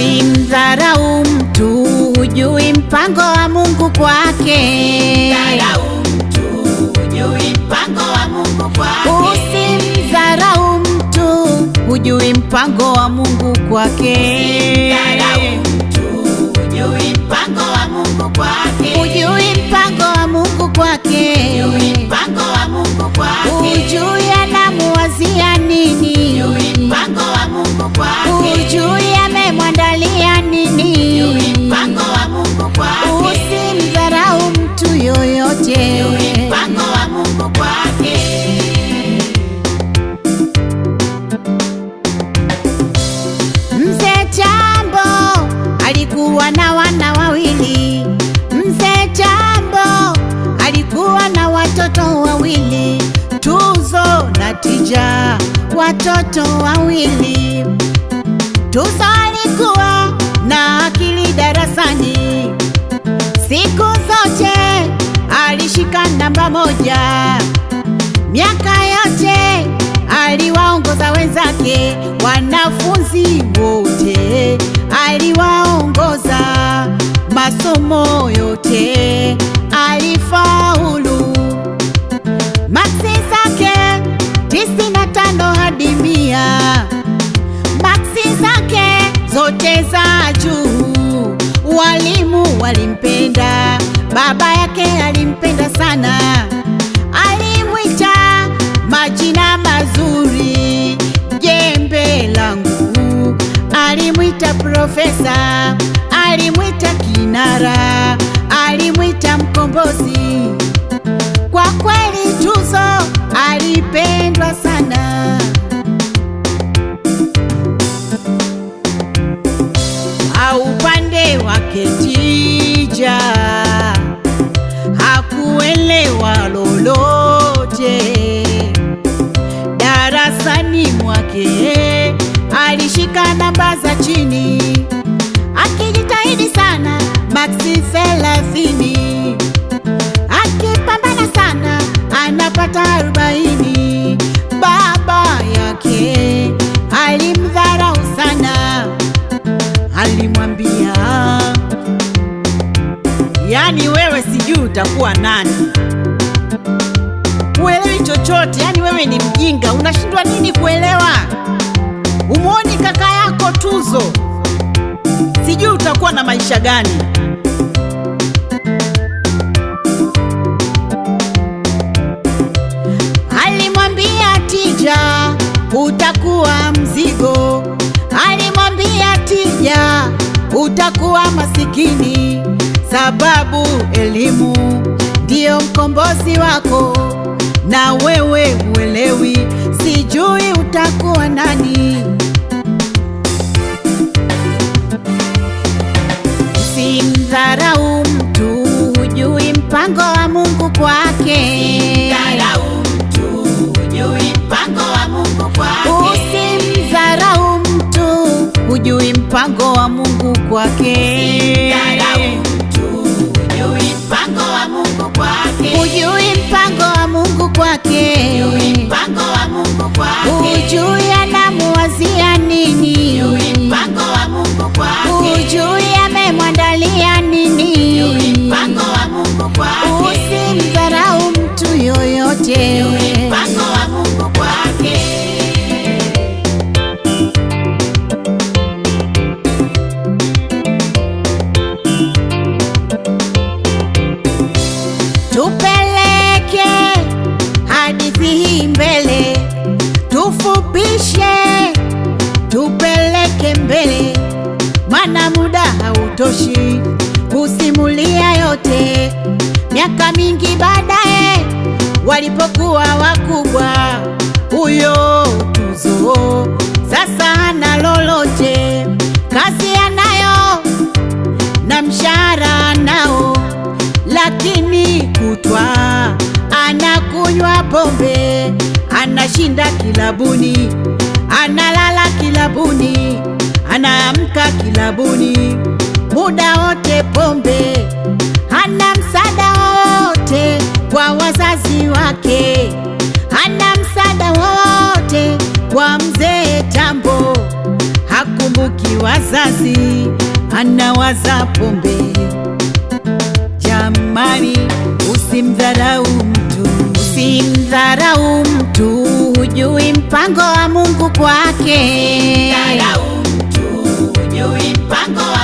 Usimdharau mtu, hujui mpango wa Mungu kwake. Usimdharau mtu, hujui mpango wa Mungu kwake. mmoja, watoto wawili. Tuzo alikuwa na akili darasani, siku zote alishika namba moja. Miaka yote aliwaongoza wenzake. zote za juu. Walimu walimpenda, baba yake alimpenda sana, alimwita majina mazuri, jembe langu alimwita profesa, alimwita kinara, alimwita mkombozi. Kwa kweli tuzo alipendwa chini, akijitahidi sana maksi thelathini, akipambana sana anapata arobaini. Baba yake alimdharau sana, alimwambia yani, wewe sijui utakuwa nani uelewi chochote, yani wewe ni mjinga, unashindwa nini kuelewa umwoni kaka yako Tuzo, sijui utakuwa na maisha gani. Alimwambia Tija utakuwa mzigo, alimwambia Tija utakuwa masikini, sababu elimu ndiyo mkombozi wako na wewe uelewi, sijui utakuwa nani. Simdharau mtu, hujui mpango wa Mungu kwake. Usimdharau mtu, hujui mpango wa Mungu kwake. hatoshi kusimulia yote. Miaka mingi baadaye, walipokuwa wakubwa, huyo tuzo sasa ana lolote, kazi anayo na mshahara nao, lakini kutwa anakunywa pombe, anashinda kilabuni, analala kilabuni, anaamka kilabuni muda wote pombe, hana msaada wowote kwa wazazi wake, hana msaada wowote kwa mzee Tambo, hakumbuki wazazi, anawaza pombe. Jamani, usimdharau mtu, usimdharau mtu, hujui mpango wa Mungu kwake. Mtu hujui mpango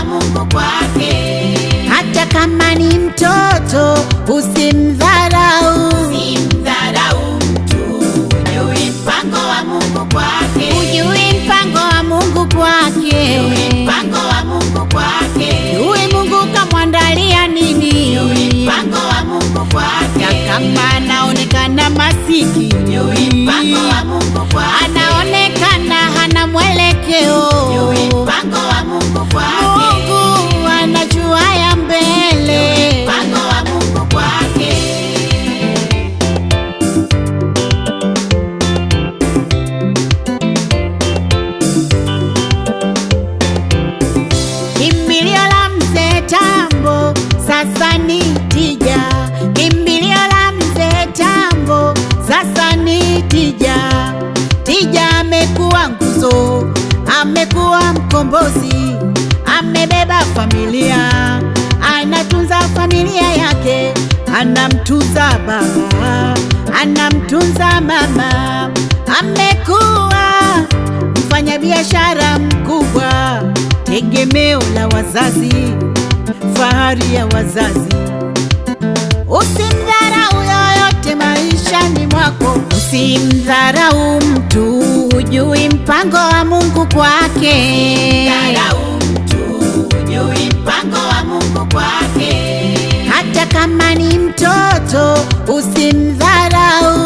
mtoto usimdharau, usimdharau mtu, ujui mpango wa Mungu kwake, ujui mpango wa Mungu kwake, ujui mpango wa Mungu kwake, ujui Mungu kamwandalia nini, ujui mpango wa Mungu kwake, kama anaonekana masikini, ujui mpango wa Mungu kwake Tija. Tija amekuwa nguzo, amekuwa mkombozi, amebeba familia, anatunza familia yake, anamtunza baba, anamtunza mama, amekuwa mfanyabiashara mkubwa, tegemeo la wazazi, fahari ya wazazi. Usimdharau yoyote maishani mwako, usimdharau mtu, hujui mpango wa Mungu kwake. Hata kama ni mtoto usimdharau.